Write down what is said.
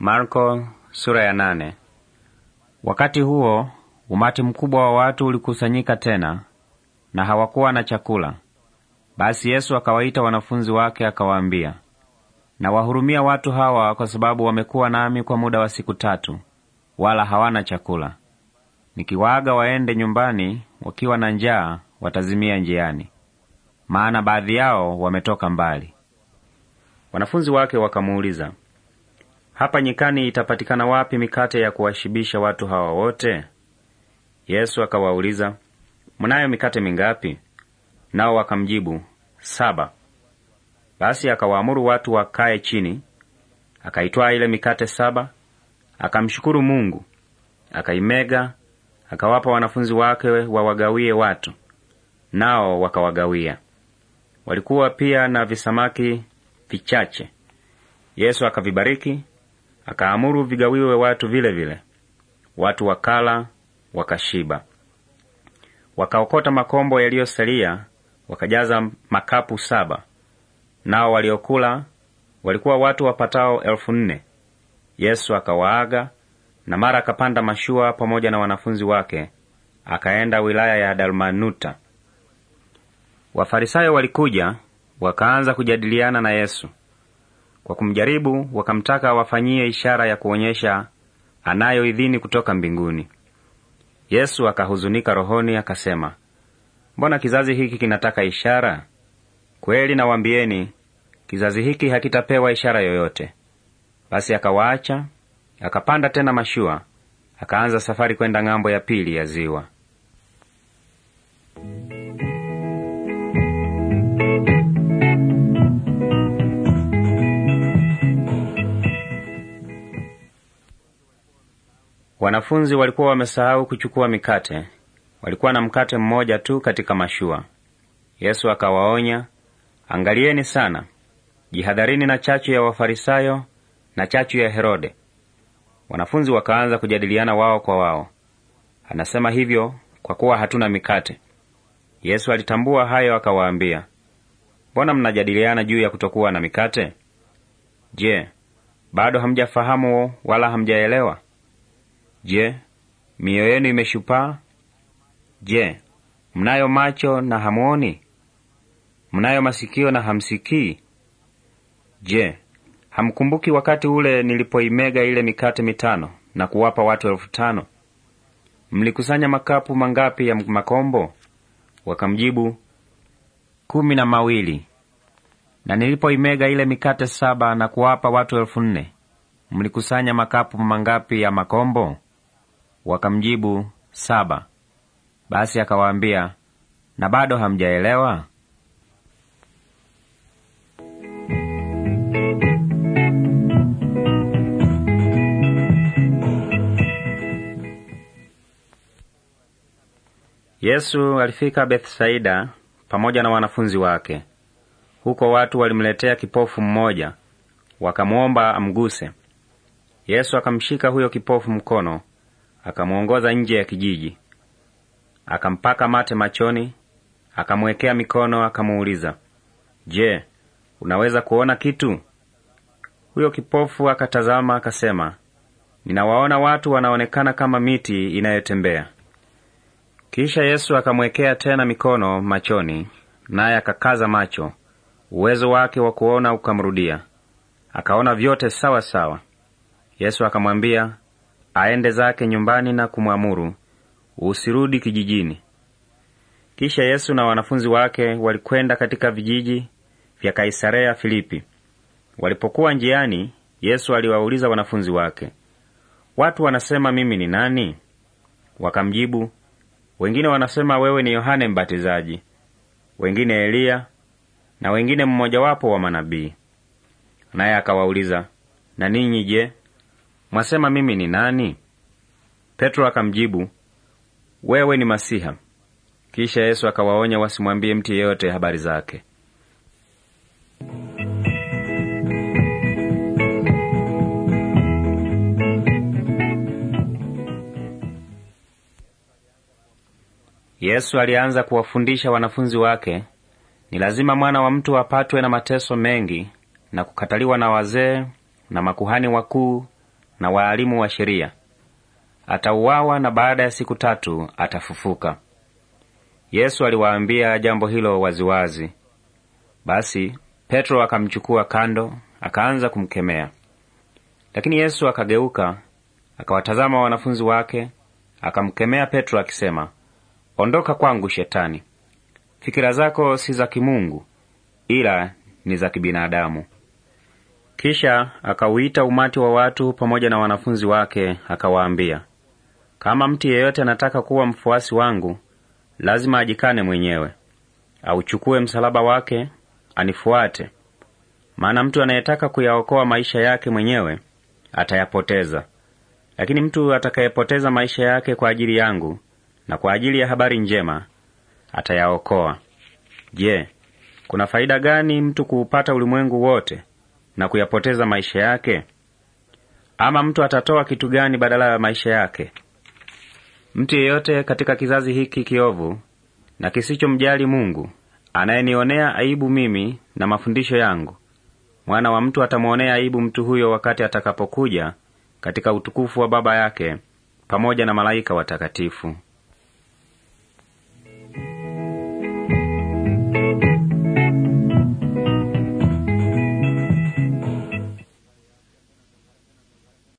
Marko sura ya nane. Wakati huo umati mkubwa wa watu ulikusanyika tena na hawakuwa na chakula. Basi Yesu akawaita wanafunzi wake akawaambia, nawahurumia watu hawa kwa sababu wamekuwa nami kwa muda wa siku tatu, wala hawana chakula. Nikiwaaga waende nyumbani wakiwa na njaa, watazimia njiani, maana baadhi yao wametoka mbali. Wanafunzi wake wakamuuliza, hapa nyikani itapatikana wapi mikate ya kuwashibisha watu hawa wote? Yesu akawauliza, mnayo mikate mingapi? Nao wakamjibu, saba. Basi akawaamuru watu wakae chini. Akaitwaa ile mikate saba, akamshukuru Mungu, akaimega, akawapa wanafunzi wake wawagawie watu, nao wakawagawia. Walikuwa pia na visamaki vichache. Yesu akavibariki akaamuru vigawiwe watu vile vile. Watu wakala wakashiba, wakaokota makombo yaliyosalia wakajaza makapu saba. Nao waliokula walikuwa watu wapatao elfu nne. Yesu akawaaga na mara akapanda mashua pamoja na wanafunzi wake akaenda wilaya ya Dalmanuta. Wafarisayo walikuja wakaanza kujadiliana na Yesu. Kwa kumjaribu, wakamtaka awafanyie ishara ya kuonyesha anayo idhini kutoka mbinguni. Yesu akahuzunika rohoni, akasema, mbona kizazi hiki kinataka ishara? Kweli nawaambieni, kizazi hiki hakitapewa ishara yoyote. Basi akawaacha, akapanda tena mashua, akaanza safari kwenda ng'ambo ya pili ya ziwa. Wanafunzi walikuwa wamesahau kuchukua mikate. Walikuwa na mkate mmoja tu katika mashua. Yesu akawaonya, angalieni sana, jihadharini na chachu ya Wafarisayo na chachu ya Herode. Wanafunzi wakaanza kujadiliana wao kwa wao, anasema hivyo kwa kuwa hatuna mikate. Yesu alitambua hayo, akawaambia, mbona mnajadiliana juu ya kutokuwa na mikate? Je, bado hamjafahamu wala hamjaelewa? Je, mioyo yenu imeshupaa? Je, mnayo macho na hamuoni Mnayo masikio na hamsikii? Je, hamkumbuki wakati ule nilipoimega ile mikate mitano na kuwapa watu elfu tano? Mlikusanya makapu mangapi ya makombo? Wakamjibu, kumi na mawili. Na nilipoimega ile mikate saba na kuwapa watu elfu nne, mlikusanya makapu mangapi ya makombo? Wakamjibu, saba. Basi akawaambia, na bado hamjaelewa? Yesu alifika Bethsaida pamoja na wanafunzi wake. Huko watu walimletea kipofu mmoja, wakamwomba amguse. Yesu akamshika huyo kipofu mkono, akamwongoza nje ya kijiji, akampaka mate machoni, akamwekea mikono, akamuuliza, Je, unaweza kuona kitu? Huyo kipofu akatazama, akasema, ninawaona watu wanaonekana kama miti inayotembea. Kisha Yesu akamwekea tena mikono machoni, naye akakaza macho, uwezo wake wa kuona ukamrudia, akaona vyote sawa sawa. Yesu akamwambia, aende zake nyumbani na kumwamuru, usirudi kijijini. Kisha Yesu na wanafunzi wake walikwenda katika vijiji vya Kaisarea Filipi. Walipokuwa njiani, Yesu aliwauliza wanafunzi wake, watu wanasema mimi ni nani? Wakamjibu, wengine wanasema wewe ni Yohane Mbatizaji, wengine Eliya, na wengine mmojawapo wa manabii. Naye akawauliza, na ninyi je, mwasema mimi ni nani? Petro akamjibu, wewe ni Masiha. Kisha Yesu akawaonya wasimwambie mtu yeyote habari zake. Yesu alianza kuwafundisha wanafunzi wake, ni lazima mwana wa mtu apatwe na mateso mengi na kukataliwa na wazee na makuhani wakuu na waalimu wa sheria. Atauawa na baada ya siku tatu atafufuka. Yesu aliwaambia jambo hilo waziwazi. Basi Petro akamchukua kando, akaanza kumkemea. Lakini Yesu akageuka, akawatazama wanafunzi wake, akamkemea Petro akisema, Ondoka kwangu, Shetani! Fikira zako si za kimungu, ila ni za kibinadamu. Kisha akauita umati wa watu pamoja na wanafunzi wake, akawaambia, kama mtu yeyote anataka kuwa mfuasi wangu, lazima ajikane mwenyewe, auchukue msalaba wake, anifuate. Maana mtu anayetaka kuyaokoa maisha yake mwenyewe atayapoteza, lakini mtu atakayepoteza maisha yake kwa ajili yangu na kwa ajili ya habari njema atayaokoa. Je, kuna faida gani mtu kuupata ulimwengu wote na kuyapoteza maisha yake? Ama mtu atatoa kitu gani badala ya maisha yake? Mtu yeyote katika kizazi hiki kiovu na kisichomjali Mungu, anayenionea aibu mimi na mafundisho yangu, mwana wa mtu atamwonea aibu mtu huyo wakati atakapokuja katika utukufu wa Baba yake pamoja na malaika watakatifu.